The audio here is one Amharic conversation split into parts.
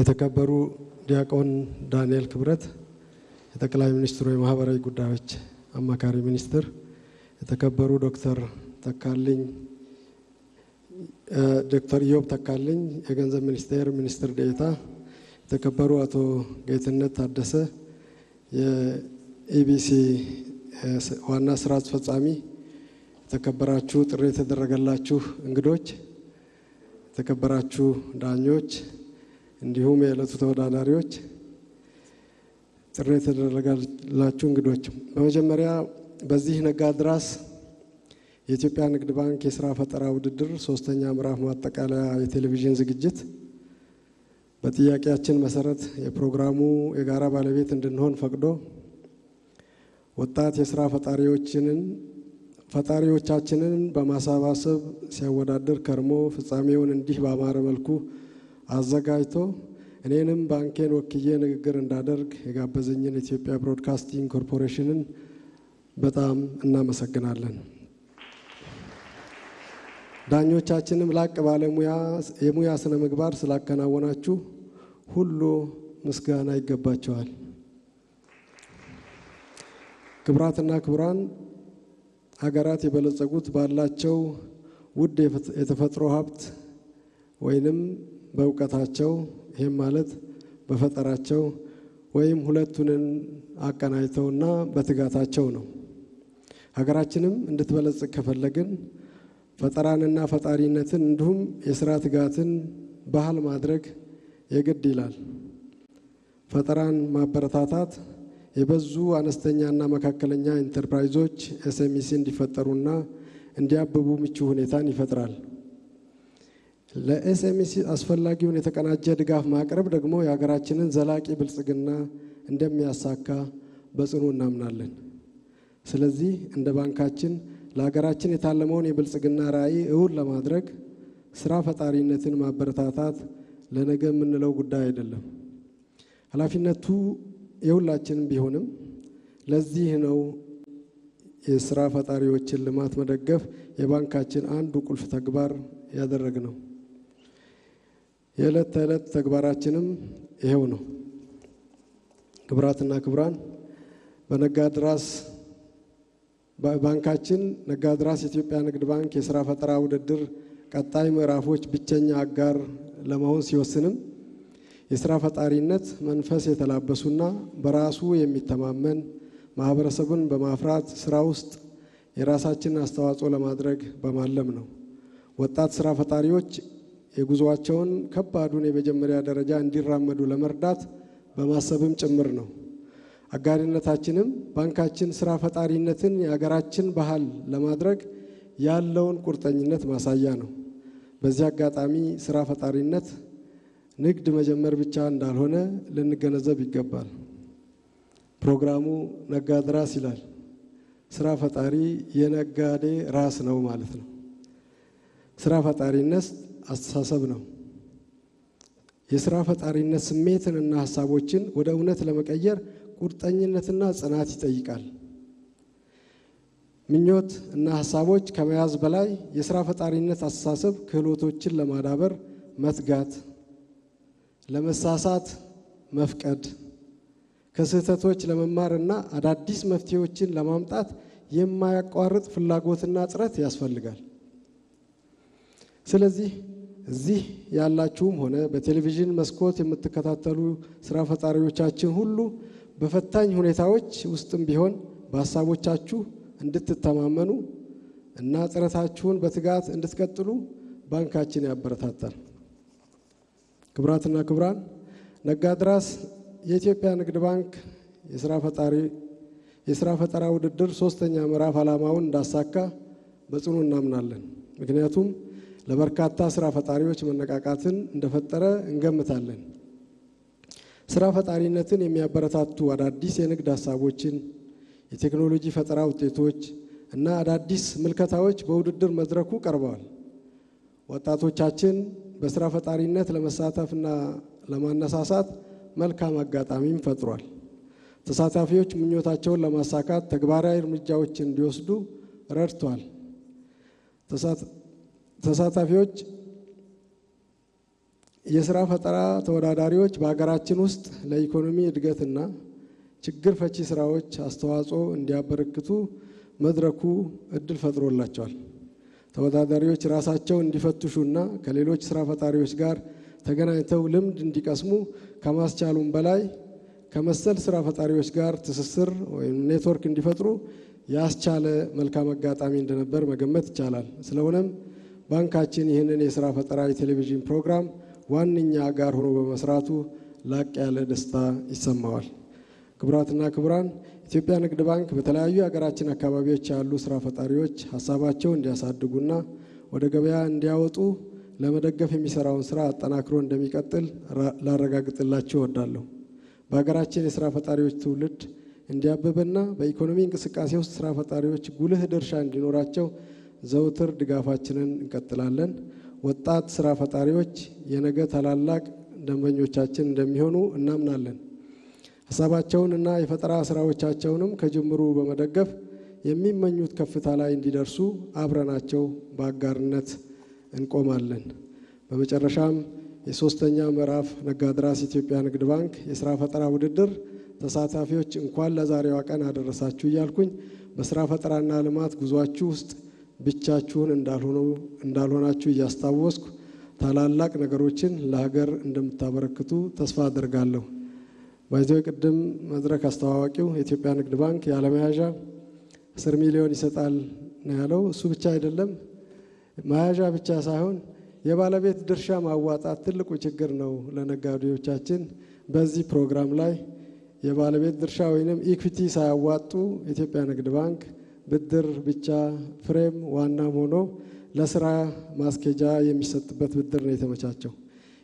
የተከበሩ ዲያቆን ዳንኤል ክብረት የጠቅላይ ሚኒስትሩ የማህበራዊ ጉዳዮች አማካሪ ሚኒስትር፣ የተከበሩ ዶክተር ተካልኝ ዶክተር ኢዮብ ተካልኝ የገንዘብ ሚኒስቴር ሚኒስትር ዴኤታ፣ የተከበሩ አቶ ጌትነት ታደሰ የኢቢሲ ዋና ስራ አስፈጻሚ፣ የተከበራችሁ ጥሪ የተደረገላችሁ እንግዶች፣ የተከበራችሁ ዳኞች እንዲሁም የዕለቱ ተወዳዳሪዎች፣ ጥሪ የተደረገላችሁ እንግዶች በመጀመሪያ በዚህ ነጋድራስ የኢትዮጵያ ንግድ ባንክ የስራ ፈጠራ ውድድር ሶስተኛ ምዕራፍ ማጠቃለያ የቴሌቪዥን ዝግጅት በጥያቄያችን መሰረት የፕሮግራሙ የጋራ ባለቤት እንድንሆን ፈቅዶ ወጣት የስራ ፈጣሪዎችንን ፈጣሪዎቻችንን በማሰባሰብ ሲያወዳድር ከርሞ ፍጻሜውን እንዲህ በአማረ መልኩ አዘጋጅቶ እኔንም ባንኬን ወክዬ ንግግር እንዳደርግ የጋበዘኝን ኢትዮጵያ ብሮድካስቲንግ ኮርፖሬሽንን በጣም እናመሰግናለን። ዳኞቻችንም ላቅ ባለ የሙያ ስነ ምግባር ስላከናወናችሁ ሁሉ ምስጋና ይገባቸዋል። ክቡራትና ክቡራን፣ ሀገራት የበለጸጉት ባላቸው ውድ የተፈጥሮ ሀብት ወይንም በእውቀታቸው ይህም ማለት በፈጠራቸው ወይም ሁለቱንን አቀናጅተውና በትጋታቸው ነው። ሀገራችንም እንድትበለጽግ ከፈለግን ፈጠራንና ፈጣሪነትን እንዲሁም የስራ ትጋትን ባህል ማድረግ የግድ ይላል። ፈጠራን ማበረታታት የበዙ አነስተኛና መካከለኛ ኢንተርፕራይዞች ኤስኤምሲ እንዲፈጠሩና እንዲያብቡ ምቹ ሁኔታን ይፈጥራል። ለኤስኤምሲ አስፈላጊውን የተቀናጀ ድጋፍ ማቅረብ ደግሞ የሀገራችንን ዘላቂ ብልጽግና እንደሚያሳካ በጽኑ እናምናለን። ስለዚህ እንደ ባንካችን ለሀገራችን የታለመውን የብልጽግና ራዕይ እውን ለማድረግ ስራ ፈጣሪነትን ማበረታታት ለነገ የምንለው ጉዳይ አይደለም። ኃላፊነቱ የሁላችንም ቢሆንም ለዚህ ነው የስራ ፈጣሪዎችን ልማት መደገፍ የባንካችን አንዱ ቁልፍ ተግባር ነው። የዕለት ተዕለት ተግባራችንም ይሄው ነው። ክቡራትና ክቡራን በነጋድራስ ባንካችን ነጋድራስ የኢትዮጵያ ንግድ ባንክ የስራ ፈጠራ ውድድር ቀጣይ ምዕራፎች ብቸኛ አጋር ለመሆን ሲወስንም የስራ ፈጣሪነት መንፈስ የተላበሱና በራሱ የሚተማመን ማህበረሰቡን በማፍራት ስራ ውስጥ የራሳችንን አስተዋጽኦ ለማድረግ በማለም ነው። ወጣት ስራ ፈጣሪዎች የጉዞአቸውን ከባዱን የመጀመሪያ ደረጃ እንዲራመዱ ለመርዳት በማሰብም ጭምር ነው። አጋሪነታችንም ባንካችን ስራ ፈጣሪነትን የሀገራችን ባህል ለማድረግ ያለውን ቁርጠኝነት ማሳያ ነው። በዚህ አጋጣሚ ስራ ፈጣሪነት ንግድ መጀመር ብቻ እንዳልሆነ ልንገነዘብ ይገባል። ፕሮግራሙ ነጋድ ራስ ይላል። ስራ ፈጣሪ የነጋዴ ራስ ነው ማለት ነው። ስራ ፈጣሪነት አስተሳሰብ ነው። የስራ ፈጣሪነት ስሜትንና ሀሳቦችን ወደ እውነት ለመቀየር ቁርጠኝነትና ጽናት ይጠይቃል። ምኞት እና ሀሳቦች ከመያዝ በላይ የስራ ፈጣሪነት አስተሳሰብ ክህሎቶችን ለማዳበር መትጋት፣ ለመሳሳት መፍቀድ፣ ከስህተቶች ለመማር እና አዳዲስ መፍትሄዎችን ለማምጣት የማያቋርጥ ፍላጎትና ጥረት ያስፈልጋል። ስለዚህ እዚህ ያላችሁም ሆነ በቴሌቪዥን መስኮት የምትከታተሉ ስራ ፈጣሪዎቻችን ሁሉ በፈታኝ ሁኔታዎች ውስጥም ቢሆን በሀሳቦቻችሁ እንድትተማመኑ እና ጥረታችሁን በትጋት እንድትቀጥሉ ባንካችን ያበረታታል። ክቡራትና ክቡራን፣ ነጋድራስ የኢትዮጵያ ንግድ ባንክ የስራ ፈጣሪ የስራ ፈጠራ ውድድር ሶስተኛ ምዕራፍ ዓላማውን እንዳሳካ በጽኑ እናምናለን። ምክንያቱም ለበርካታ ስራ ፈጣሪዎች መነቃቃትን እንደፈጠረ እንገምታለን። ስራ ፈጣሪነትን የሚያበረታቱ አዳዲስ የንግድ ሀሳቦችን፣ የቴክኖሎጂ ፈጠራ ውጤቶች እና አዳዲስ ምልከታዎች በውድድር መድረኩ ቀርበዋል። ወጣቶቻችን በስራ ፈጣሪነት ለመሳተፍና ለማነሳሳት መልካም አጋጣሚም ፈጥሯል። ተሳታፊዎች ምኞታቸውን ለማሳካት ተግባራዊ እርምጃዎችን እንዲወስዱ ረድቷል። ተሳታፊዎች የስራ ፈጠራ ተወዳዳሪዎች በሀገራችን ውስጥ ለኢኮኖሚ እድገትና ችግር ፈቺ ስራዎች አስተዋጽኦ እንዲያበረክቱ መድረኩ እድል ፈጥሮላቸዋል። ተወዳዳሪዎች ራሳቸው እንዲፈትሹና ከሌሎች ስራ ፈጣሪዎች ጋር ተገናኝተው ልምድ እንዲቀስሙ ከማስቻሉም በላይ ከመሰል ስራ ፈጣሪዎች ጋር ትስስር ወይም ኔትወርክ እንዲፈጥሩ ያስቻለ መልካም አጋጣሚ እንደነበር መገመት ይቻላል። ስለሆነም ባንካችን ይህንን የስራ ፈጠራ የቴሌቪዥን ፕሮግራም ዋነኛ ጋር ሆኖ በመስራቱ ላቅ ያለ ደስታ ይሰማዋል። ክቡራትና ክቡራን ኢትዮጵያ ንግድ ባንክ በተለያዩ የሀገራችን አካባቢዎች ያሉ ስራ ፈጣሪዎች ሀሳባቸው እንዲያሳድጉና ወደ ገበያ እንዲያወጡ ለመደገፍ የሚሰራውን ስራ አጠናክሮ እንደሚቀጥል ላረጋግጥላችሁ እወዳለሁ። በሀገራችን የስራ ፈጣሪዎች ትውልድ እንዲያብብና በኢኮኖሚ እንቅስቃሴ ውስጥ ስራ ፈጣሪዎች ጉልህ ድርሻ እንዲኖራቸው ዘውትር ድጋፋችንን እንቀጥላለን። ወጣት ስራ ፈጣሪዎች የነገ ታላላቅ ደንበኞቻችን እንደሚሆኑ እናምናለን። ሀሳባቸውን እና የፈጠራ ስራዎቻቸውንም ከጅምሩ በመደገፍ የሚመኙት ከፍታ ላይ እንዲደርሱ አብረናቸው በአጋርነት እንቆማለን። በመጨረሻም የሶስተኛ ምዕራፍ ነጋድራስ ኢትዮጵያ ንግድ ባንክ የስራ ፈጠራ ውድድር ተሳታፊዎች እንኳን ለዛሬዋ ቀን አደረሳችሁ እያልኩኝ በስራ ፈጠራና ልማት ጉዟችሁ ውስጥ ብቻችሁን እንዳልሆናችሁ እያስታወስኩ ታላላቅ ነገሮችን ለሀገር እንደምታበረክቱ ተስፋ አደርጋለሁ። ባይዘው ቅድም መድረክ አስተዋዋቂው የኢትዮጵያ ንግድ ባንክ ያለመያዣ አስር ሚሊዮን ይሰጣል ነው ያለው። እሱ ብቻ አይደለም፣ መያዣ ብቻ ሳይሆን የባለቤት ድርሻ ማዋጣት ትልቁ ችግር ነው ለነጋዴዎቻችን። በዚህ ፕሮግራም ላይ የባለቤት ድርሻ ወይንም ኢኩቲ ሳያዋጡ ኢትዮጵያ ንግድ ባንክ ብድር ብቻ ፍሬም ዋናም ሆኖ ለስራ ማስኬጃ የሚሰጥበት ብድር ነው የተመቻቸው።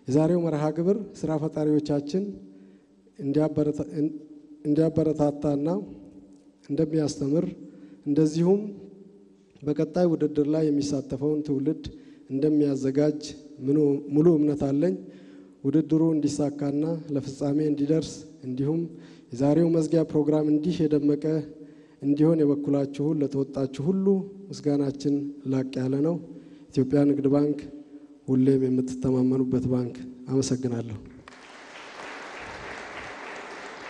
የዛሬው መርሃ ግብር ስራ ፈጣሪዎቻችን እንዲያበረታታና እንደሚያስተምር እንደዚሁም በቀጣይ ውድድር ላይ የሚሳተፈውን ትውልድ እንደሚያዘጋጅ ሙሉ እምነት አለኝ። ውድድሩ እንዲሳካና ለፍጻሜ እንዲደርስ እንዲሁም የዛሬው መዝጊያ ፕሮግራም እንዲህ የደመቀ እንዲሆን የበኩላችሁን ለተወጣችሁ ሁሉ ምስጋናችን ላቅ ያለ ነው። ኢትዮጵያ ንግድ ባንክ ሁሌም የምትተማመኑበት ባንክ። አመሰግናለሁ።